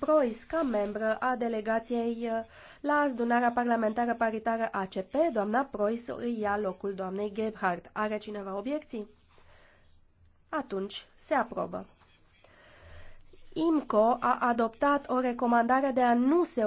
Prois ca membră a delegației uh, la adunarea parlamentară paritară ACP, doamna Prois îi ia locul doamnei Gebhardt. Are cineva obiecții? Atunci se aprobă. IMCO a adoptat o recomandare de a nu se